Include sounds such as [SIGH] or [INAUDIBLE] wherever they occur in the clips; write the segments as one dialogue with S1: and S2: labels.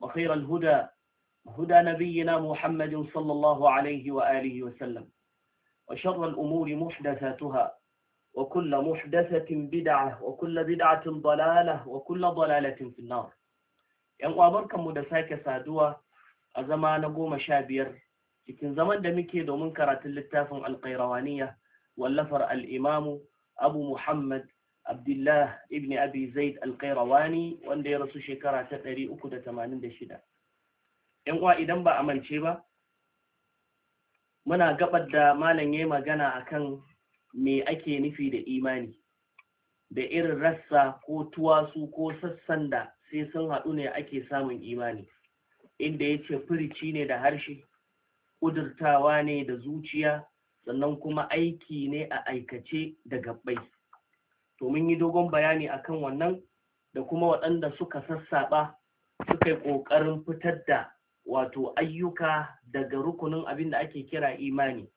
S1: وخير الهدى هدى نبينا محمد صلى الله عليه وآله وسلم وشر الأمور محدثاتها وكل محدثة بدعة وكل بدعة ضلالة وكل ضلالة في النار يعني أبركم مدساك سادوة أزمان قوم شابير لكن زمان دمكي دومنكرة اللتافم القيروانية واللفر الإمام أبو محمد abdullah ibn abi zaid alkairawani wanda ya rasu shekara ta 386 yan uwa idan ba a amince ba muna gabar da malam ya magana akan me ake nufi da imani da irin rassa ko tuwasu ko sassan da sai sun haɗu ne ake samun imani inda yace ce firici ne da harshe ƙudurtawa ne da zuciya sannan kuma aiki ne a aikace da gabbai to mun yi dogon bayani akan wannan da kuma waɗanda suka sassaɓa suka yi ƙoƙarin fitar da wato ayyuka daga rukunin abin da ake kira imani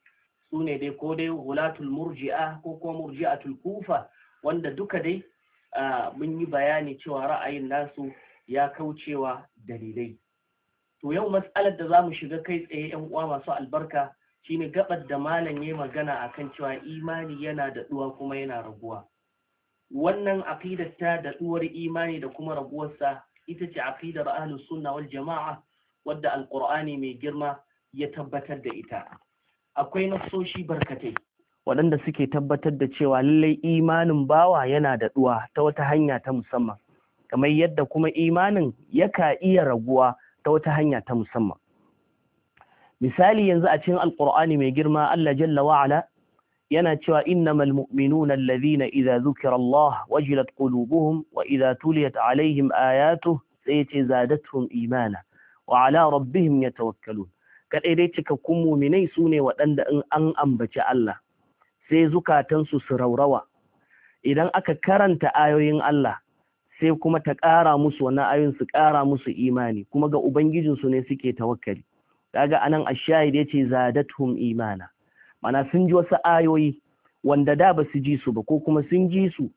S1: su ne dai ko dai hulatul murji'a ko kuma murji'atul kufa wanda duka dai mun yi bayani cewa ra'ayin nasu ya kaucewa dalilai to yau matsalar da za mu shiga kai tsaye yan uwa masu albarka shine gabar da malam ya magana akan cewa imani yana da kuma yana raguwa wannan aqidar ta da tsuwar imani da kuma rabuwarsa ita ce aqidar ahlus sunna wal jama'a wadda alqur'ani mai girma ya tabbatar da ita akwai nasoshi barkatai waɗanda suke tabbatar da cewa lallai imanin bawa yana da ɗuwa ta wata hanya ta musamman kamar yadda kuma imanin yaka iya raguwa ta wata hanya ta musamman misali yanzu a cikin alqur'ani mai girma Allah jalla wa ala yana cewa innamal mu'minuna allazina idza dhukira Allah wajilat qulubuhum wa idza tuliyat alaihim ayatuhu sai yace zadatuhum imana wa ala rabbihim yatawakkalun Kaɗai dai cikakkun muminai sune waɗanda in an ambaci Allah sai zukatansu su raurawa idan aka karanta ayoyin Allah sai kuma ta ƙara musu wannan ayoyin su ƙara musu imani kuma ga ubangijinsu ne suke tawakkali kaga anan ash-shahid yace zadatuhum imana mana sun ji wasu ayoyi wanda da ba su ji su ba ko kuma sun ji su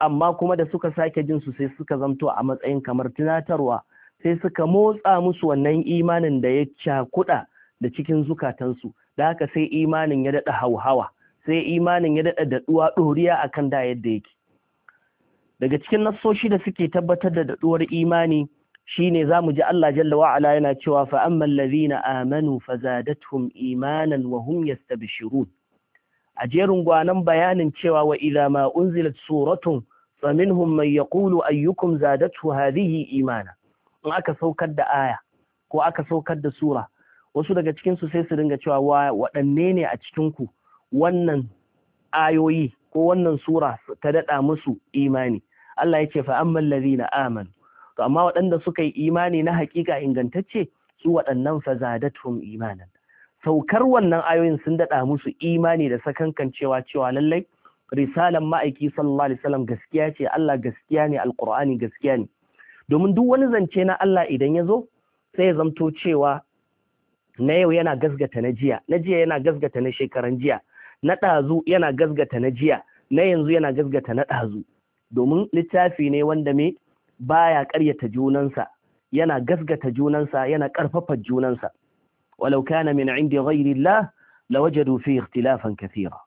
S1: amma kuma da suka sake jin su sai suka zamto a matsayin kamar tunatarwa sai suka motsa musu wannan imanin da ya cakuɗa da cikin zukatansu da haka sai imanin ya daɗa hauhawa sai imanin ya daɗa daɗuwa ɗoriya kan da yadda yake daga cikin nassoshi da suke tabbatar da daɗuwar imani shine zamu ji Allah jalla wa ala yana cewa fa ammal ladhina amanu fazadatuhum imanan wa hum yastabshirun a jerin gwanan bayanin cewa wa idza ma unzilat suratun faminhum man yaqulu ayyukum zadatu hadhihi imana in aka saukar da aya ko aka saukar da sura wasu daga cikin su sai su ringa cewa waɗanne ne a cikin ku wannan ayoyi ko wannan sura ta daɗa musu imani Allah ya ce fa amman amanu to amma waɗanda suka yi imani na haƙiƙa ingantacce su waɗannan fazadatum imanan saukar wannan ayoyin sun daɗa musu imani da sakankan cewa cewa lallai risalan ma'aiki sallallahu alaihi wasallam gaskiya ce Allah gaskiya ne alqur'ani gaskiya ne domin duk wani zance na Allah idan ya zo sai ya zamto cewa na yau yana gasgata na jiya na jiya yana gasgata na shekaran jiya na ɗazu yana gasgata na jiya na yanzu yana gasgata na ɗazu domin littafi ne wanda me baya ƙaryata junansa yana gasgata junansa yana ƙarfafa junansa walau kana min indi ghairillah lawajadu fi ikhtilafan kathira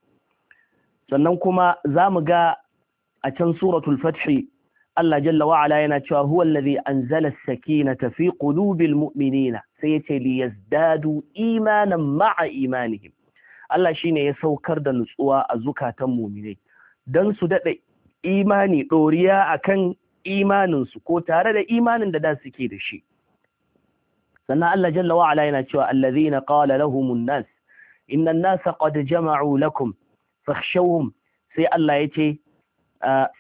S1: sannan kuma zamu ga a can suratul fath Allah jalla wa ala yana cewa huwa alladhi anzala as-sakinata fi qulubil mu'minina sai yace li yazdadu imanan ma'a imanihim Allah shine ya saukar da nutsuwa a zukatan mu'minai dan su dade imani doriya akan imaninsu ko tare da imanin da da suke da shi sannan Allah jalla wa ala yana cewa allazina qala lahumun nas inna an nas qad jama'u lakum fakhshawhum sai Allah yace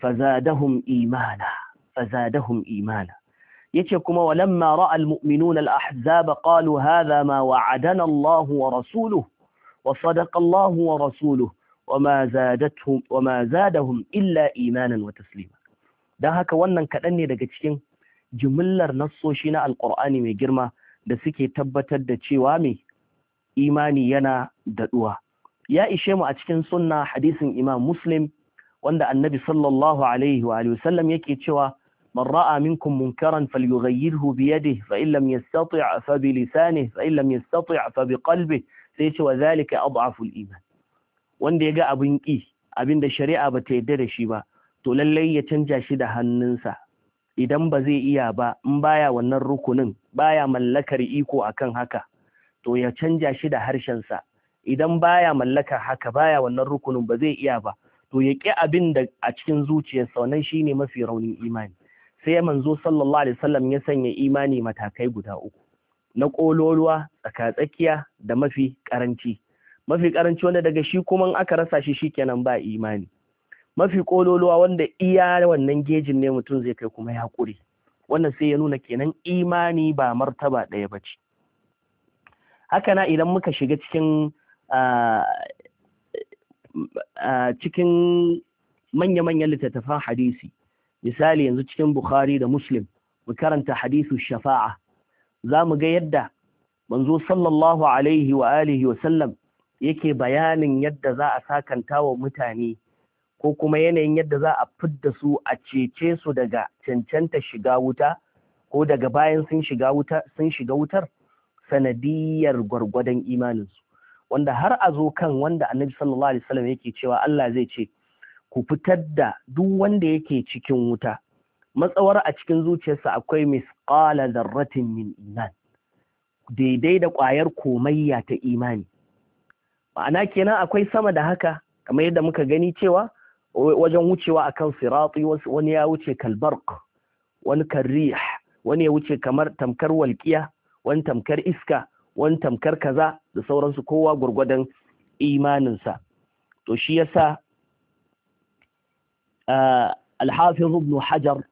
S1: fazadahum imana fazadahum imana yace kuma walamma ra'a almu'minuna alahzab qalu hadha ma wa'adana Allah wa rasuluhu wa sadaqa Allah wa rasuluhu وما زادتهم وما زادهم إلا إيمانا وتسليما don haka wannan kaɗan ne daga cikin jimillar nassoshi na alƙur'ani mai girma da suke tabbatar da cewa mai imani yana daɗuwa ya ishe mu a cikin sunna hadisin imam muslim wanda annabi sallallahu alaihi wa sallam yake cewa من رأى منكم منكرا فليغيره بيده فإن لم يستطع فبلسانه فإن لم يستطع فبقلبه سيش وذلك أضعف iman". wanda ya ga abin ƙi abinda shari'a ba ta yadda da shi ba to lallai ya canja shi da hannunsa idan ba zai iya ba in baya wannan rukunin baya mallakar iko akan haka to ya canja shi da harshen sa idan baya mallakar haka baya wannan rukunin ba zai iya ba to ya ƙi abin da a cikin zuciyarsa wannan shine mafi raunin imani sai manzo sallallahu alaihi wasallam ya sanya imani matakai guda uku na ƙololuwa tsakatsakiya da mafi ƙaranci mafi ƙaranci wanda daga shi kuma aka rasa shi shikenan ba imani mafi kololuwa wanda iya wannan gejin ne mutum zai kai kuma ya ƙure wannan sai ya nuna kenan imani ba martaba ɗaya ba ce haka na idan muka shiga cikin cikin manya-manyan littattafan hadisi misali yanzu cikin bukhari da muslim mu karanta hadisu shafa'a za mu ga yadda manzo sallallahu alaihi wa alihi wa sallam yake bayanin yadda za a sakanta wa mutane ko kuma yanayin yadda za a fidda su a cece su daga cancanta shiga wuta ko daga bayan sun shiga wuta sun shiga wutar sanadiyar gwargwadon imaninsu wanda har a zo kan wanda annabi sallallahu alaihi wasallam yake cewa Allah zai ce ku fitar da duk wanda yake cikin wuta matsawar a cikin zuciyarsa akwai misqala zarratin min iman daidai da kwayar komayya ta imani ma'ana kenan akwai sama da haka kamar yadda muka gani cewa wajen wucewa akan sirati wani ya wuce kalbark wani karrih wani ya wuce kamar tamkar walƙiya wani tamkar iska wani tamkar kaza da sauransu kowa gwargwadon imaninsa to shi yasa alhafiz ibn hajar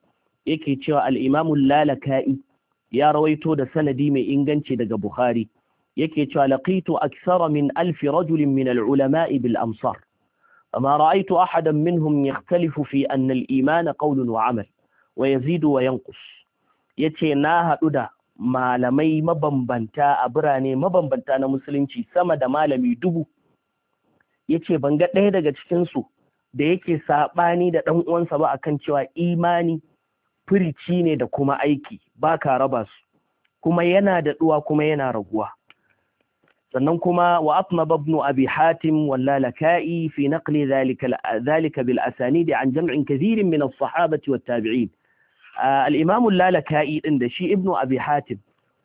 S1: yake cewa al-imam lalaka'i ya rawaito da sanadi mai inganci daga bukhari yake cewa laqitu aksara min alfi rajulin min al-ulama'i bil amsar فما رأيت أحدا منهم يختلف في أن الإيمان قول وعمل ويزيد وينقص na haɗu da malamai mabambanta a birane mabambanta na musulunci sama da malami dubu ya ce ban ga ɗaya daga cikinsu da yake saɓani da ɗan uwansa ba akan cewa imani firici ne da kuma aiki ba ka raba su kuma yana da ɗuwa kuma yana raguwa sannan kuma wa atnab ibn abi hatim wal lalaka'i fi naqli dhalika dhalika bil asanid an jam'in kathir min as-sahabati wat tabi'in al-imam lalakai din da shi ibn abi hatim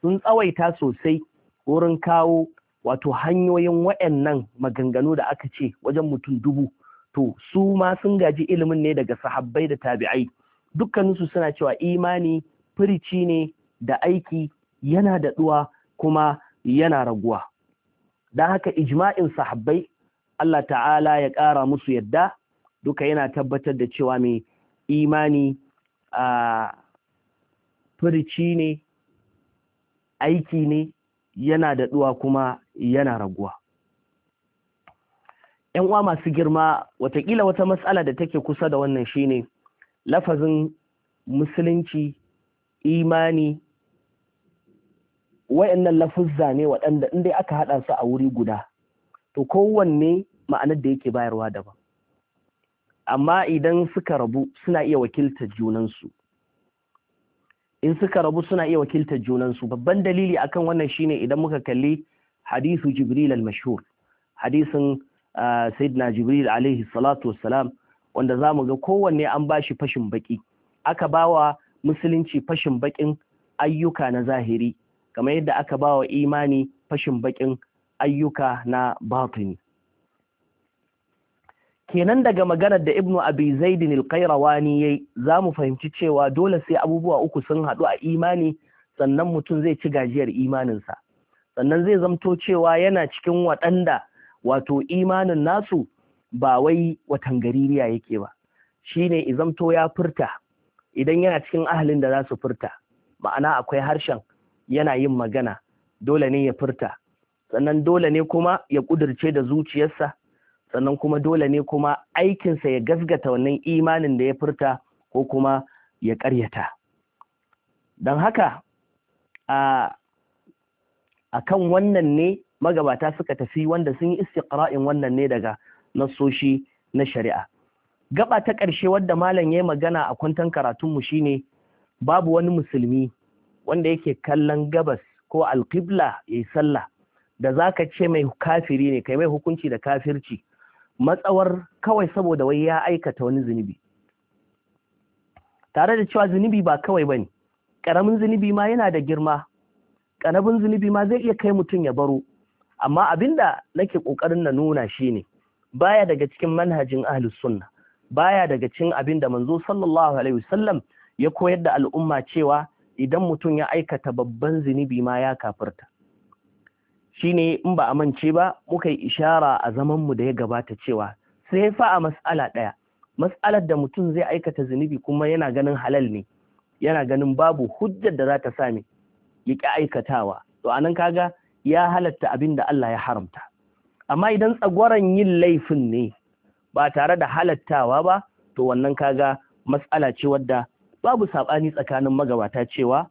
S1: sun tsawaita sosai wurin kawo wato hanyoyin wayannan maganganu da aka ce wajen mutum dubu to su ma sun gaji ilimin ne daga sahabbai da tabi'ai dukkaninsu suna cewa imani firici ne da aiki yana daɗuwa kuma yana raguwa don haka ijma'in sahabbai Allah ta'ala ya ƙara musu yadda duka yana tabbatar da cewa mai imani a furici ne aiki ne yana daɗuwa kuma yana raguwa ‘yan uwa masu girma watakila wata matsala da take kusa da wannan shine lafazin musulunci imani wayannan lafuzza ne waɗanda in aka haɗa su a wuri guda to kowanne ma'anar da yake bayarwa daban amma idan suka rabu suna iya wakiltar junansu in suka rabu suna iya wakiltar junansu babban dalili akan wannan shine idan muka kalli hadisu jibril al-mashhur hadisin sayyidina jibril alaihi salatu wassalam wanda zamu ga kowanne an ba shi fashin baki aka bawa musulunci fashin bakin ayyuka na zahiri kamar yadda aka ba wa imani fashin baƙin ayyuka na batini kenan daga maganar da ibnu abi zaidin alqairawani yayi za mu fahimci cewa dole sai abubuwa uku sun haɗu a imani sannan mutum zai ci gajiyar imaninsa sannan zai zamto cewa yana cikin waɗanda wato imanin nasu ba wai watangaririya yake ba shine izamto ya furta idan yana cikin ahalin da za su furta ma'ana akwai harshen yana yin magana dole ne ya furta sannan dole ne kuma ya ƙudurce da zuciyarsa sannan kuma dole ne kuma aikinsa ya gasgata wannan imanin da ya furta ko kuma ya ƙaryata don haka a kan wannan ne magabata suka tafi wanda sun yi istiqra'in wannan ne daga nasoshi na shari'a gaba ta ƙarshe wadda malam ya yi magana a kwantan karatunmu shine babu wani musulmi wanda yake kallon gabas ko alƙibla ya yi sallah da za ka ce mai kafiri ne kai mai hukunci da kafirci matsawar kawai saboda wai ya aikata wani zunubi tare da cewa zunubi ba kawai ba ne ƙaramin zunubi ma yana da girma ƙaramin zunubi ma zai iya kai mutum ya baro amma abin da nake ƙoƙarin na nuna shi ne baya daga cikin manhajin ahlus sunna baya daga cikin abin da manzo sallallahu alaihi wasallam ya koyar da al'umma cewa idan mutum ya aikata babban zunubi ma ya kafirta shine in ba a mance ba muka yi ishara a zamanmu da ya gabata cewa sai fa a matsala ɗaya Matsalar da mutum zai aikata zunubi kuma yana ganin halal ne yana ganin babu hujjar da za ta sami ya ƙi aikatawa to anan kaga ya halatta abin da Allah ya haramta amma idan tsagwaron yin laifin ne ba tare da halattawa ba to wannan kaga matsala ce wadda babu saɓani tsakanin magabata cewa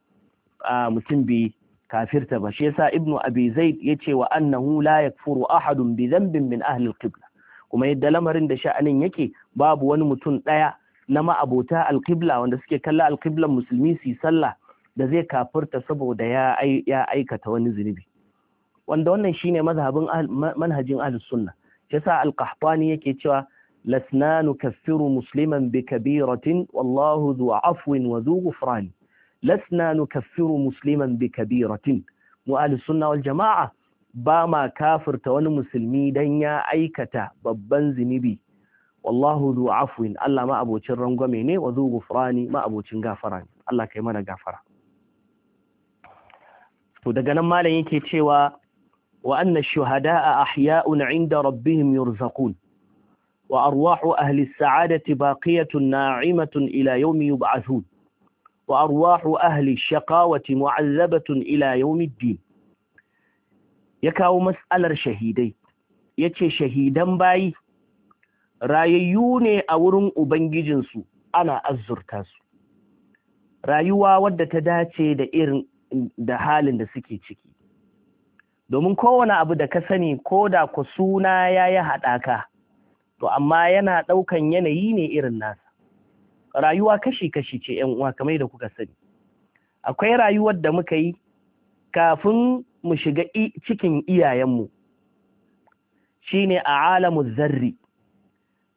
S1: a mutum bai kafirta ba shi yasa ibnu abi zaid ce wa annahu la yakfuru ahadun bi dhanbin min ahli al-qibla kuma yadda lamarin da sha'anin yake babu wani mutum daya na ma'abota al-qibla wanda suke kalla al musulmi su sallah da zai kafirta saboda ya ya aikata wani zunubi wanda wannan shine mazhabin manhajin ahli sunna yasa al-qahtani yake cewa لسنا نكفر مسلما بكبيرة والله ذو عفو وذو غفران لسنا نكفر مسلما بكبيرة وآل السنة والجماعة باما كافر تون مسلمي دنيا أيكتا ببن زنبي والله ذو عفو ألا ما أبو تشرن قميني وذو غفراني ما أبو تشنغافراني ألا كيمانا غافرا ودقنا مالا لينكي تشيوا وأن الشهداء أحياء عند ربهم يرزقون وأرواح أهل السعادة باقية ناعمة إلى يوم يبعثون وأرواح أهل الشقاوة معذبة إلى يوم الدين يكاو مسألة شهيدي يتشي شهيدا باي ne a wurin ubangijinsu ana azurta su rayuwa wadda ta dace da irin da halin da suke ciki domin kowane abu da ka sani ko da ku suna yayi hadaka to amma yana ɗaukan yanayi ne irin nasa rayuwa kashi-kashi ce ‘yan uwa kamar da kuka sani akwai rayuwar da muka yi kafin mu shiga cikin iyayenmu shi ne a alamu zarri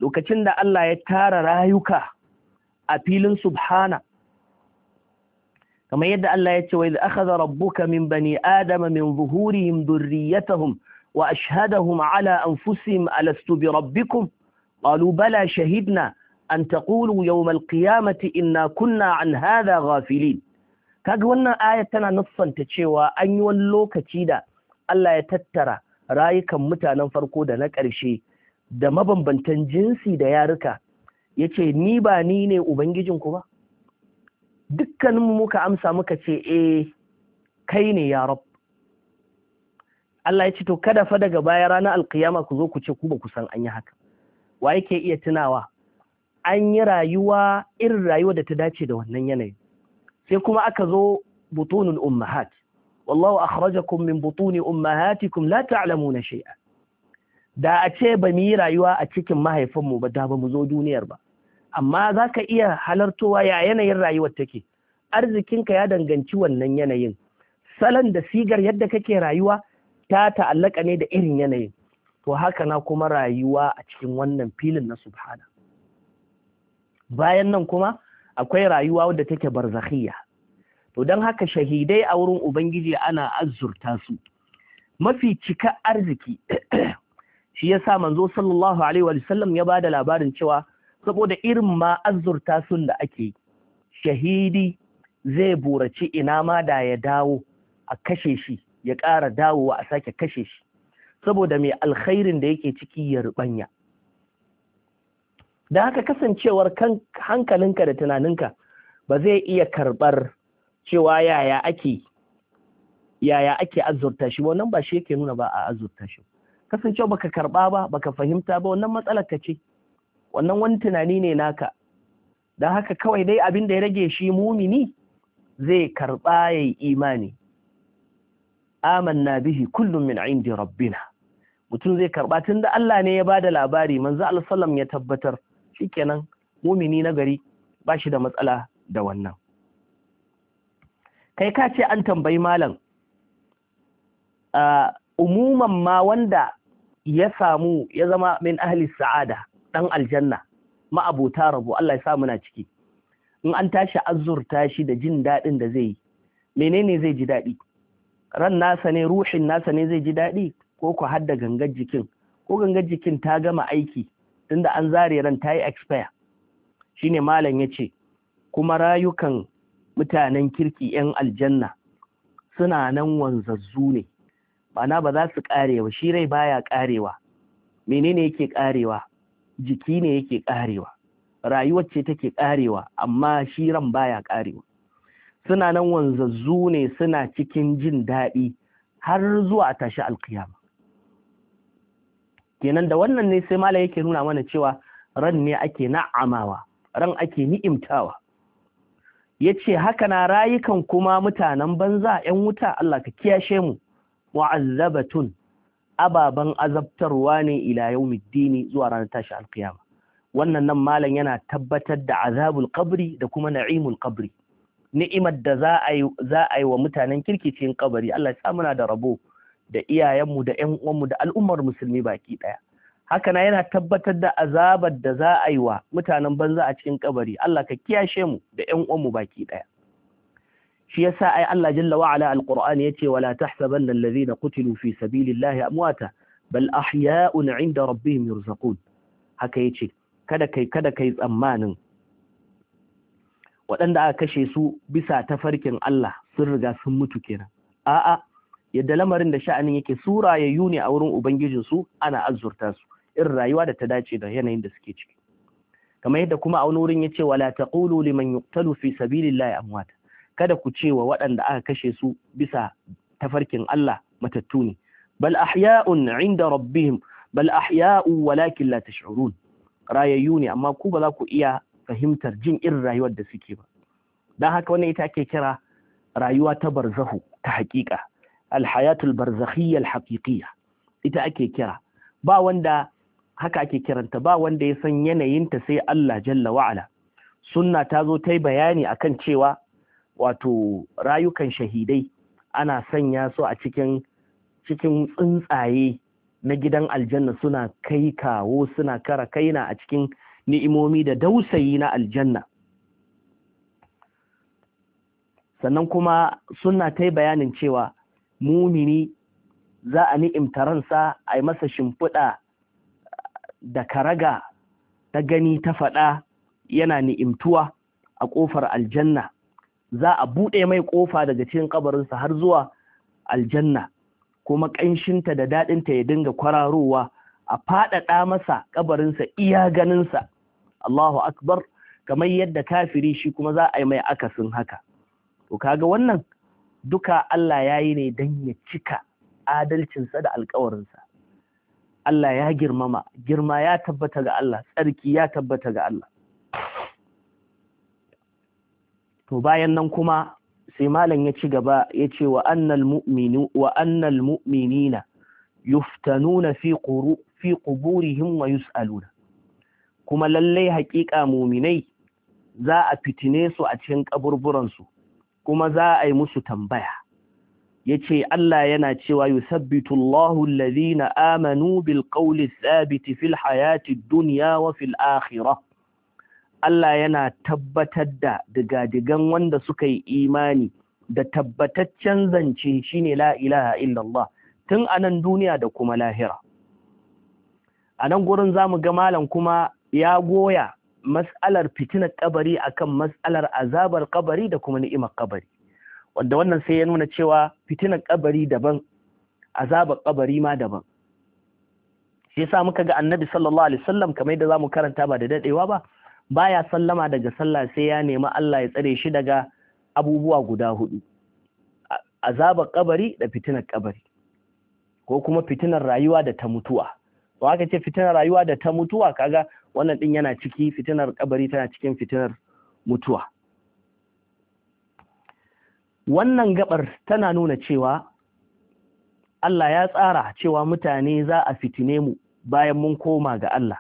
S1: lokacin da Allah ya tara rayuka a filin subhana kamar yadda Allah ya ce wa idh akhadha rabbuka min bani adama min zuhurihim dhurriyyatahum وأشهدهم على أنفسهم ألست بربكم قالوا بلى شهدنا أن تقولوا يوم القيامة إنا kunna عن هذا غافلين kaga wannan ayar tana nuffanta cewa an yi wani lokaci da Allah ya tattara rayukan mutanen farko da na ƙarshe da mabambantan jinsi da yaruka ya ce ni ba ni ne ubangijinku ba dukkaninmu muka amsa muka ce eh kai ne ya rabu Allah ya ce to kada fa daga baya ranar alkiyama ku zo ku ce ku ba ku san an yi haka wa yake iya tunawa an yi rayuwa irin rayuwa da ta dace da wannan yanayin. sai kuma aka zo butunul ummahat wallahu akhrajakum min butuni ummahatikum la ta'lamuna shay'a da a ce ba mu yi rayuwa a cikin mahaifinmu ba da ba mu zo duniyar ba amma za ka iya halartowa ya yanayin rayuwar take arzikinka ya danganci wannan yanayin salon da sigar yadda kake rayuwa ta ta'allaka ne da irin yanayin to haka na kuma rayuwa a cikin wannan filin na subhana bayan nan kuma akwai rayuwa wadda take barzakhiya to don haka shahidai a wurin ubangiji ana azurta su mafi cika arziki [CLEARS THROAT] shi yasa manzo sallallahu alaihi wa sallam ya bada labarin cewa saboda irin ma azurta sun da ake shahidi zai buraci ina ma da ya dawo a kashe shi ya ƙara dawowa a sake kashe shi saboda mai alkhairin da yake ciki ya rubanya da haka kasancewar kan hankalinka da tunaninka ba zai iya karɓar cewa yaya ake yaya ake azurta shi wannan ba shi yake nuna ba a azurta shi kasancewa baka karɓa ba baka fahimta ba wannan matsalar ka ce wannan wani tunani ne naka Da haka kawai dai abin da ya rage shi mumini zai karɓa ya yi imani amanna bihi kullum min indi rabbina mutum zai karɓa tun da Allah ne ya bada labari manzo Allah sallam ya tabbatar shikenan mumini na gari ba shi da matsala da wannan kai ka ce an tambayi malam umuman ma wanda ya samu ya zama min ahli sa'ada dan aljanna ma'abota rabo Allah ya sa muna ciki in an tashi azurta shi da jin daɗin da zai yi menene zai ji daɗi ran nasa ne ruhin nasa ne zai ji daɗi ko ku hadda gangar jikin ko gangar jikin ta gama aiki tunda an zare ran ta yi expire shine malam ya ce kuma rayukan mutanen kirki 'yan aljanna suna nan wanzazzu ne Bana ba za su karewa shi rai baya karewa menene yake karewa jiki ne yake karewa rayuwar ce take karewa amma shi ran baya karewa suna nan wanzazzu ne suna cikin jin daɗi har zuwa tashi alkiyama kenan da wannan ne sai mala yake nuna mana cewa ran ne ake na'amawa ran ake ni'imtawa ya ce haka na rayukan kuma mutanen banza 'yan wuta Allah ka kiyashe mu wa'azzabatun ababen azabtarwa ne ila middini zuwa ranar tashi alkiyama wannan nan malam yana tabbatar da azabul kabri da kuma na'imul kabri ni'imar da za a yi wa mutanen kirkicin kabari Allah ya muna da rabo da iyayenmu da yan uwanmu da al'ummar musulmi baki daya haka na yana tabbatar da azabar da za a yi wa mutanen banza a cikin kabari Allah ka kiyashe mu da yan uwanmu baki daya shi yasa ai Allah jalla wa ala alqur'ani yace wala tahsabanna alladhina qutilu fi sabilillahi amwata bal ahya'un 'inda rabbihim yurzaqun haka yace kada kai kada kai tsammanin waɗanda aka kashe su bisa tafarkin Allah sun riga sun mutu kenan a'a yadda lamarin da sha'anin yake sura ya yuni a wurin ubangijin su ana azurta su irin rayuwa da ta dace da yanayin da suke ciki kamar yadda kuma a wani wurin ya yace wala taqulu liman yuqtalu fi sabilillahi amwat kada ku ce wa waɗanda aka kashe su bisa tafarkin Allah matattu ne bal ahya'un 'inda rabbihim bal ahya'u walakin la tash'urun rayayyu ne amma ku ba za ku iya fahimtar jin irin rayuwar da suke ba don haka wannan ita ake kira rayuwa ta barzahu ta haƙiƙa alhayatul barzakhiyya alhaqiqiyya ita ake kira ba wanda haka ake kiranta ba wanda ya san yanayinta sai Allah jalla wa'ala sunna ta zo ta yi bayani akan cewa wato rayukan shahidai ana sanya su a cikin cikin tsuntsaye na gidan aljanna suna kai kawo suna kara kaina a cikin ni'imomi da dausayi na aljanna sannan kuma suna ta bayanin cewa mumini za a ni'imta ransa a yi masa shimfiɗa da karaga ta gani ta faɗa yana ni'imtuwa a ƙofar aljanna za a buɗe mai ƙofa daga cikin ƙabarinsa har zuwa aljanna kuma ƙanshinta da daɗinta ya dinga kwararowa a faɗaɗa masa ƙabarinsa iya ganinsa Allahu akbar kamar yadda kafiri shi kuma za a yi mai akasin haka to kaga wannan duka Allah ya yi ne don ya cika adalcinsa da alkawarinsa Allah ya girmama girma ya tabbata ga Allah tsarki ya tabbata ga Allah to bayan nan kuma sai malam ya ci gaba ya ce wa annal mu'minu wa annal mu'minina yuftanuna fi quru fi quburihim wa yus'aluna kuma lallai haƙiƙa muminai za a fitine su a cikin kaburburansu kuma za a yi musu tambaya yace Allah yana cewa yusabbitu Allahu alladhina amanu bil ƙauli thabiti fil hayati duniya wa fil akhira Allah yana tabbatar da digadigan wanda suka yi imani da tabbataccen zance shine la ilaha illallah tun anan duniya da kuma lahira a nan gurin za mu ga malam kuma ya goya mas'alar fitinar kabari akan mas'alar azabar kabari da kuma ni'imar kabari wanda wannan sai ya nuna cewa fitinar kabari daban azabar kabari ma daban shi yasa muka ga annabi sallallahu alaihi wasallam kamar yadda zamu karanta ba da dadewa ba baya sallama daga sallah sai ya nemi Allah ya tsare shi daga abubuwa guda hudu azabar kabari da fitinar kabari ko kuma fitinar rayuwa da ta mutuwa to aka ce fitinar rayuwa da ta mutuwa kaga wannan din yana ciki fitinar kabari tana cikin fitinar mutuwa wannan gabar tana nuna cewa Allah ya tsara cewa mutane za a fitine mu bayan mun koma ga Allah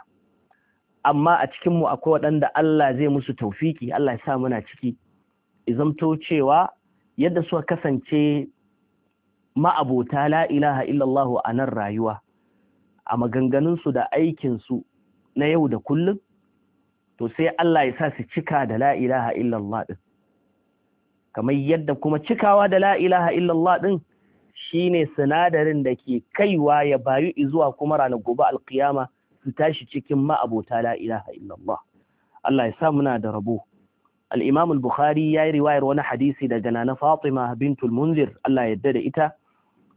S1: amma a cikinmu akwai waɗanda Allah zai musu taufiki Allah ya sa muna ciki izamto cewa yadda suka kasance ma'abota la ilaha illallah a nan rayuwa a maganganunsu da aikinsu na yau da kullum to sai Allah ya sa su cika da la ilaha illallah din kamar yadda kuma cikawa da la ilaha illallah din shine sinadarin da ke kaiwa ya bayu zuwa kuma ranar gobe alkiyama su tashi cikin ma'abota la ilaha illallah Allah ya sa muna da rabo al imamul al-Bukhari yayi riwayar wani hadisi daga Nana Fatima bintul Munzir Allah ya yarda da ita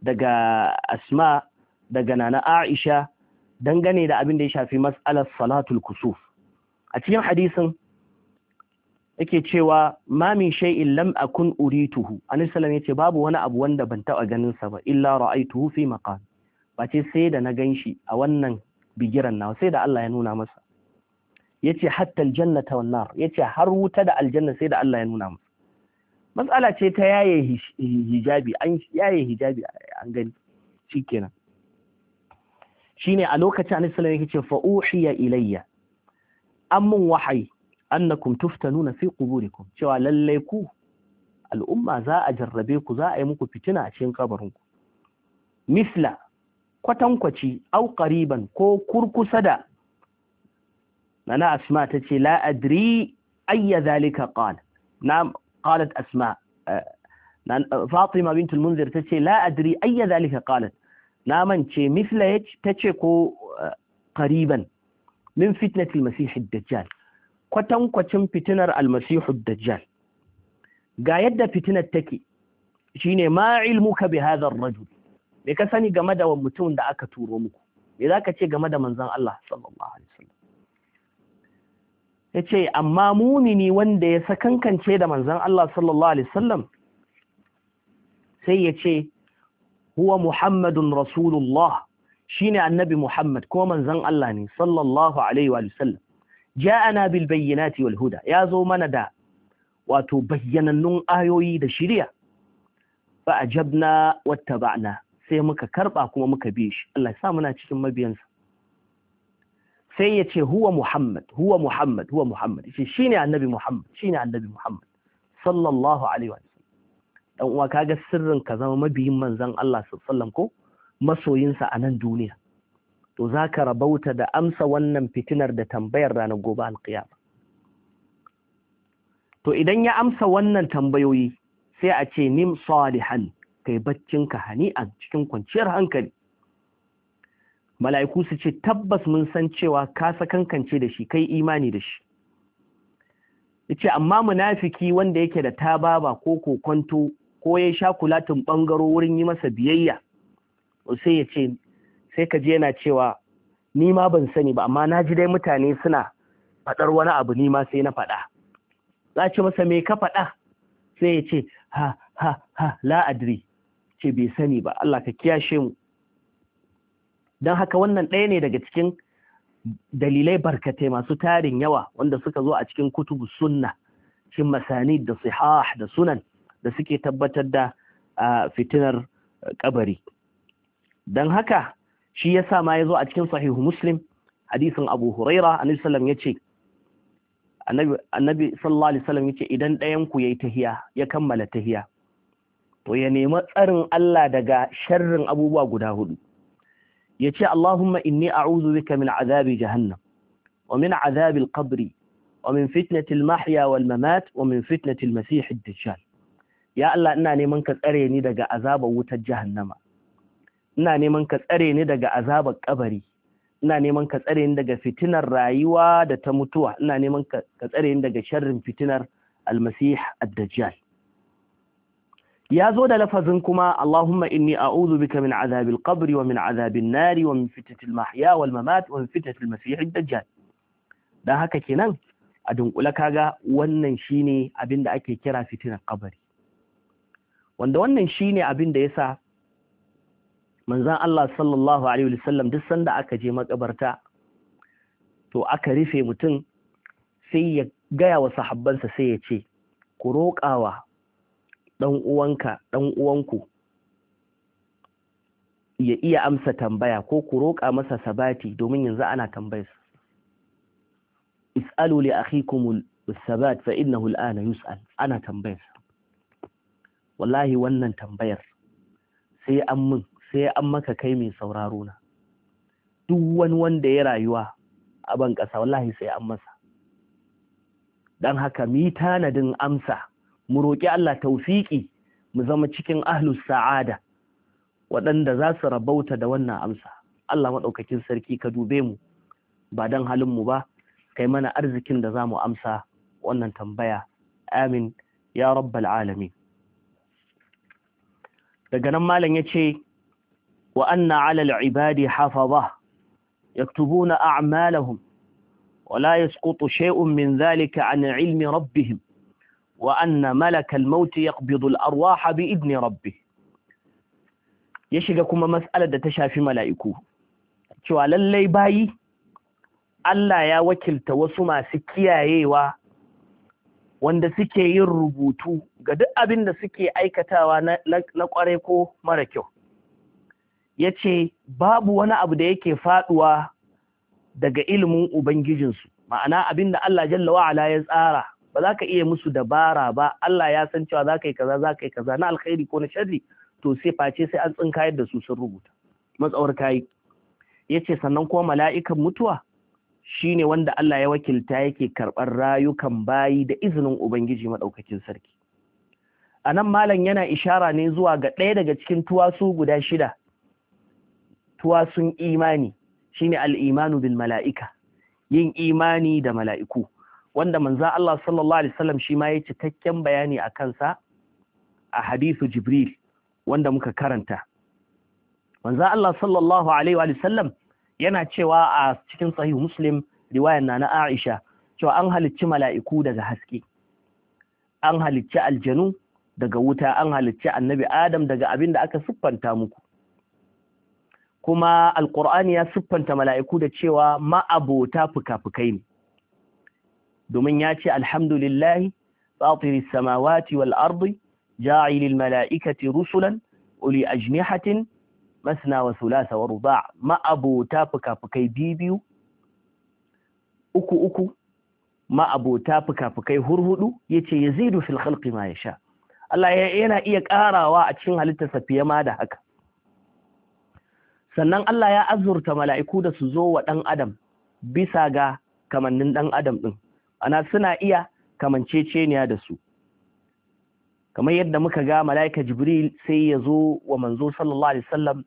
S1: daga Asma daga Nana Aisha dangane da abin da ya shafi mas'alar salatul kusuf a cikin hadisin yake cewa ma min shay'in lam akun urituhu annabi sallallahu yace babu wani abu wanda ban taba ganin sa ba illa ra'aituhu fi maqam ba ce sai da na ganshi a wannan bigiran nawa sai da Allah ya nuna masa yace hatta aljannata wan nar yace har wuta da aljanna sai da Allah ya nuna masa Mas'ala ce ta yaye hijabi an yaye hijabi an gani shikenan shine a lokacin annabi sallallahu alaihi wasallam yake ce fa uhiya ilayya amman wahayi annakum tuftanuna fi quburikum cewa lalle ku al'umma za a jarrabe ku za a yi muku fitina a cikin kabarinku misla kwatankwaci au qariban ko kurkusa da nana asma tace la adri ayya zalika qala na qalat asma fatima bint al-munzir tace la adri ayya zalika qalat na mance misla ya ta ce ko ƙariban, eh, min fitnatil masihid dajjal kwatankwacin fitinar almasihud dajjal ga yadda fitinar take shine ma ilmuka bi hadha rajul me ka sani game da mutum da aka turo muku me zaka ce game da manzon Allah sallallahu alaihi wasallam yace amma mumini wanda ya sakankance da manzon Allah sallallahu alaihi wasallam sai yace huwa muhammadun rasulullah shine annabi muhammad ko manzon Allah ne sallallahu alaihi wa sallam ja'ana bil bayyinati wal huda ya zo mana da wato bayyanannun ayoyi da shiriya fa ajabna wattaba'na sai muka karba kuma muka bi shi Allah ya sa muna cikin mabiyansa sai ya ce huwa muhammad huwa muhammad huwa muhammad shi shine annabi muhammad shine annabi muhammad sallallahu alaihi wa dan uwa kaga sirrin ka zama mabiyin manzon Allah sallallahu ko masoyinsa a nan duniya to zaka rabauta da amsa wannan fitinar da tambayar ranar gobe alqiyama to idan ya amsa wannan tambayoyi sai a ce nim salihan kai ka hani a cikin kwanciyar hankali mala'iku su ce tabbas mun san cewa ka sakankance da shi kai imani da shi yace amma munafiki wanda yake da tababa ko kokonto ko ya sha kulatin bangaro wurin yi masa biyayya sai ya ce sai ka je yana cewa ni ma ban sani ba amma na ji dai mutane suna faɗar wani abu ni ma sai na faɗa za ce masa me ka faɗa sai ya ce ha ha ha la adri ce bai sani ba Allah ka kiyashe mu don haka wannan ɗaya ne daga cikin dalilai barkatai masu tarin yawa wanda suka zo a cikin kutubu sunna cin masanid da sihah da sunan da suke tabbatar da fitinar kabari don haka shi ya sa ma ya zo a cikin sahihu muslim hadisin abu huraira annabi sallam ya ce annabi sallallahu alaihi wasallam ya ce idan ɗayan ku yayi tahiya ya kammala tahiya to ya nemi tsarin Allah daga sharrin abubuwa guda hudu ya ce Allahumma inni a'udhu bika min azabi jahannam wa min azabi al-qabri wa min fitnati al-mahya wal mamat wa min fitnati al-masih ad-dajjal ya Allah ina neman ka tsare ni daga azabar wutar jahannama ina neman ka tsare ni daga azabar kabari ina neman ka tsare ni daga fitinar rayuwa da ta mutuwa ina neman ka tsare ni daga sharrin fitinar almasih ad-dajjal ya zo da lafazin kuma Allahumma inni a'udhu bika min azabil qabri wa min azabin nari wa min fitnatil mahya wal mamat wa min fitnatil masih ad-dajjal dan haka kenan a dunkula kaga wannan shine abinda ake kira fitinar kabari wanda wannan shi ne abin da ya sa, manzan Allah sallallahu alaihi wasallam duk sanda aka je makabarta to aka rufe mutum sai ya gaya wa sahabbansa sai ya ce ku roƙawa ɗan uwanka ɗan ya iya amsa tambaya ko ku roƙa masa sabati domin yanzu ana tambayar is'alu li akhikum as-sabat fa innahu al-ana yus'al ana tambayar wallahi wannan tambayar sai an min sai an maka kai mai sauraro na duk wani wanda ya rayuwa a ban ƙasa wallahi sai an masa don haka mi tanadin amsa mu roƙi Allah taufiƙi mu zama cikin ahlus sa'ada waɗanda za su rabauta da wannan amsa Allah maɗaukakin sarki ka dube mu ba don halin mu ba kai mana arzikin da za mu amsa wannan tambaya amin ya rabbal alamin daga nan malam yace wa anna ala al ibadi hafaza yaktubuna a'malahum wa la yasqutu shay'un min dhalika 'an 'ilmi rabbihim wa anna malak al-maut علم al وأن bi idni يقبض ya shiga kuma mas'alar da ta shafi mala'iku cewa lallai bayi Allah ya wakilta wasu masu kiyayewa wanda suke yin rubutu ga duk abin da suke aikatawa na kware ko mara kyau ya ce babu wani abu da yake faduwa daga ilimin ubangijinsu ma'ana abin da Allah jalla wa'ala ya tsara ba za ka iya musu dabara ba Allah ya san cewa za ka yi kaza za ka yi kaza na alkhairi ko na sharri to sai face sai an tsinkayar da su sun rubuta matsawar kayi ya ce sannan kuma mala'ikan mutuwa Shi ne wanda Allah ya wakilta yake karɓar rayukan bayi da izinin Ubangiji maɗaukakin sarki. A nan malam yana ishara ne zuwa ga ɗaya daga cikin tuwasu guda shida, tuwasun imani ne al'imanu bil mala'ika, yin imani da mala'iku, wanda manza Allah sallallahu Alaihi wasallam shi ma ya cikakken bayani a kansa a hadithu Jibril wanda muka karanta. Manza Allah sallallahu Alaihi wasallam yana cewa a cikin sahihu muslim riwayar na na aisha cewa an halicci mala'iku daga haske an halicci aljanu daga wuta an halicci annabi adam daga abin da aka siffanta muku kuma alkur'ani ya siffanta mala'iku da cewa ma'abota fuka-fukai ne domin ya ce alhamdulillahi fatiri samawati wal ardi ja'ilil mala'ikati rusulan uli ajnihatin masna wa sulasa wa ruba ma'abota fuka-fukai biyu uku uku ma'abota fuka-fukai hurhudu yace yazidu fil khalqi ma sha!" Allah yana iya ƙarawa a cikin halittar safiya ma da haka sannan Allah ya azurta mala'iku da su zo wa ɗan adam bisa ga kamannin ɗan adam ɗin ana suna iya kamanceceniya da su kamar yadda muka ga mala'ika jibril sai ya zo wa manzo sallallahu alaihi wasallam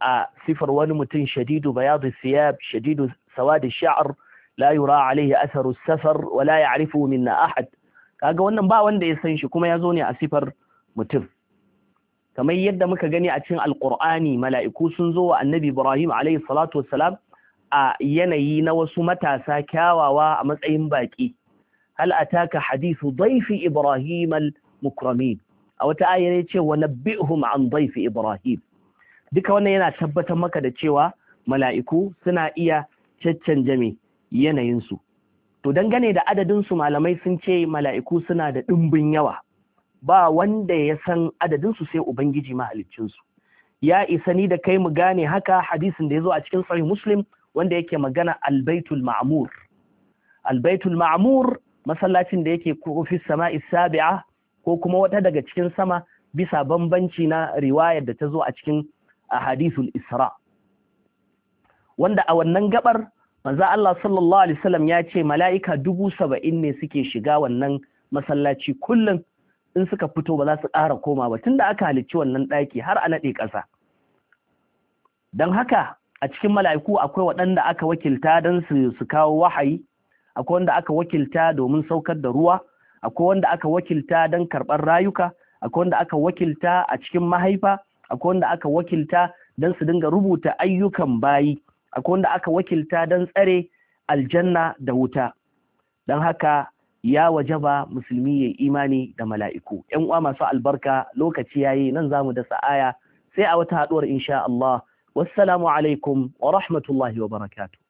S1: a sifar wani mutum shadidu bayadu siyab shadidu sawadi sha'ar la yura alaihi atharu safar wa la ya'rifu minna ahad kaga wannan ba wanda ya san shi kuma ya zo ne a sifar mutum kamar yadda muka gani a cikin alqur'ani mala'iku sun zo wa annabi ibrahim Alayhi salatu wassalam a yanayi na wasu matasa kyawawa a matsayin baki hal ataka hadithu daifi ibrahim al mukramin a wata ayar ya ce wa nabbihum an Zaifi ibrahim duka wannan yana tabbatar maka da cewa mala'iku suna iya caccanje me yanayinsu to dangane da adadinsu malamai sun ce mala'iku suna da ɗimbin yawa ba wanda ya san adadinsu sai ubangiji mahaliccinsu ya isa ni da kai mu gane haka hadisin da ya zo a cikin sahih muslim wanda yake magana albaitul ma'mur albaitul ma'mur masallacin da yake ko sama'i ko kuma wata daga cikin sama bisa bambanci na riwayar da ta zo a cikin a hadithul isra wanda a wannan gabar manzo Allah sallallahu alaihi wasallam ya ce mala'ika dubu saba'in ne suke shiga wannan masallaci kullum in suka fito ba za su ƙara koma ba tunda aka halicci wannan daki har a naɗe ƙasa dan haka a cikin mala'iku akwai waɗanda aka wakilta don su kawo wahayi akwai wanda aka wakilta domin saukar da ruwa akwai wanda aka wakilta don karɓar rayuka akwai wanda aka wakilta a cikin mahaifa akwai wanda aka wakilta don su dinga rubuta ayyukan bayi akwai wanda aka wakilta don tsare aljanna da wuta don haka ya wajaba musulmi ya imani da mala'iku ‘yan uwa masu albarka lokaci yayi nan zamu da sa'aya sai a wata haɗuwar insha Allah wassalamu alaikum wa rahmatullahi wa barakatu